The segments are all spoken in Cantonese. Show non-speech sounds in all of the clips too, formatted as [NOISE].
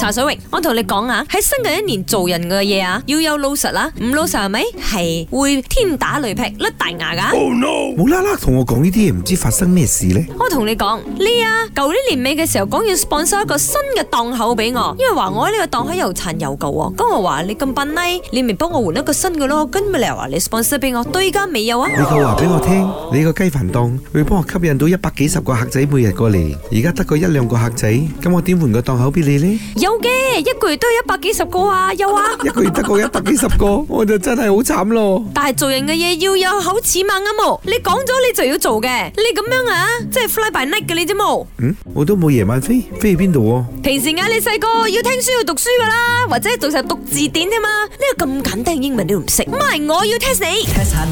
查水榮，我同你講啊，喺新嘅一年做人嘅嘢啊，要有老實啦，唔老實係咪？係會天打雷劈甩大牙噶。Oh no！冇啦啦同我講呢啲嘢，唔知發生咩事呢？我同你講，你啊，舊年年尾嘅時候講要 sponsor 一個新嘅檔口俾我，因為話我呢個檔口又殘又舊啊。咁我話你咁笨賴，你咪幫我換一個新嘅咯。跟屘嚟話你，你 sponsor 俾我，到依家未有啊。你個話俾我聽，你個雞飯檔會幫我吸引到一百幾十個客仔每日過嚟，而家得個一兩個客仔，咁我點換個檔口俾你呢？有嘅，一個月都係一百幾十個啊，有啊。一個月得過一百幾十個，我就真係好慘咯。但係做人嘅嘢要有口齒嘛，啱冇？你講咗你就要做嘅，你咁樣啊，即係 fly by night 嘅你啫冇？嗯，我都冇夜晚飛，飛去邊度？平時啊，你細個要聽書要讀書噶啦，或者係成日讀字典啫嘛，呢個咁簡單嘅英文你都唔識？唔係，我要 test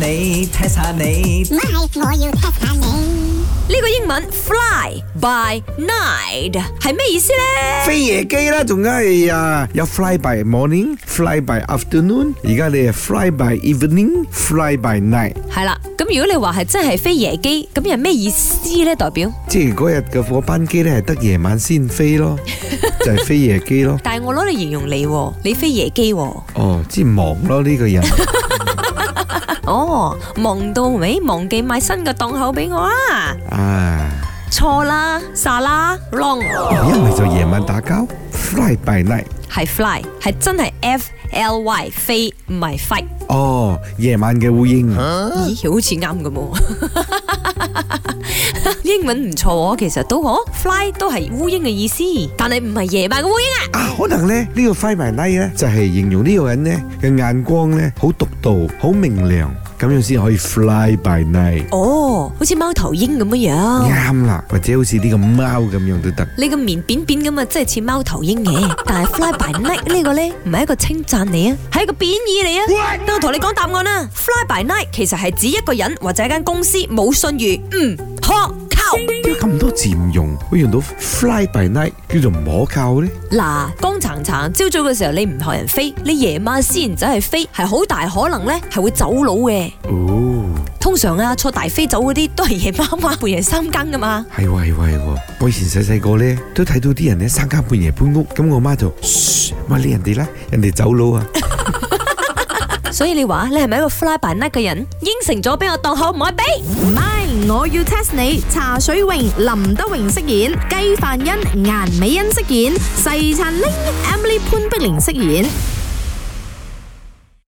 你。Fly by night 係咩意思咧？飛夜機啦，仲梗係呀！有 fly by morning，fly by afternoon，而家你係 fly by evening，fly by night 係啦。咁如果你話係真係飛夜機，咁又咩意思咧？代表即係嗰日嘅班機咧係得夜晚先飛咯，就係飛夜機咯。但係我攞嚟形容你，你飛夜機。哦，即係忙咯呢個人。哦，忙到尾，忘記買新嘅檔口俾我啊！唉，錯啦，沙拉龍，一唔係就夜晚打交，fly by night 係 fly 係真係 f l y 飛，唔係 fight 哦，夜晚嘅烏蠅，咦，好似啱㗎喎。英文唔錯，其實都可，fly 都係烏蠅嘅意思，但係唔係夜晚嘅烏蠅啊。可能咧呢個 fly by night 咧就係形容呢個人咧嘅眼光咧好獨到，好明亮。咁樣先可以 fly by night。哦，好似貓頭鷹咁樣。啱啦，或者好似呢個貓咁樣都得。你個面扁扁咁啊，即係似貓頭鷹嘅， [LAUGHS] 但係 fly by night 這個呢個咧，唔係一個稱讚你啊，係一個貶義嚟啊。What? 等我同你講答案啦啊，fly by night 其實係指一個人或者一間公司冇信譽。嗯，唔可靠，點解咁多字唔用？會用到 fly by night 叫做唔可靠咧？嗱、啊，光層層，朝早嘅時候你唔學人飛，你夜晚先走去飛，係好大可能咧，係會走佬嘅。哦，通常啊，坐大飛走嗰啲都係夜媽媽半夜三更噶嘛。係喎係喎係喎，我以前細細個咧，都睇到啲人咧，三更半夜搬屋，咁我媽就噓，咪理噓人哋啦，人哋走佬啊。 [LAUGHS] 所以你話你係咪一個 fly by night 嘅人？應承咗俾我當口買俾。Bye 我要 test 你，茶水榮、林德榮飾演，雞飯欣、顏美欣飾演，細燦拎、Emily 潘碧玲飾演。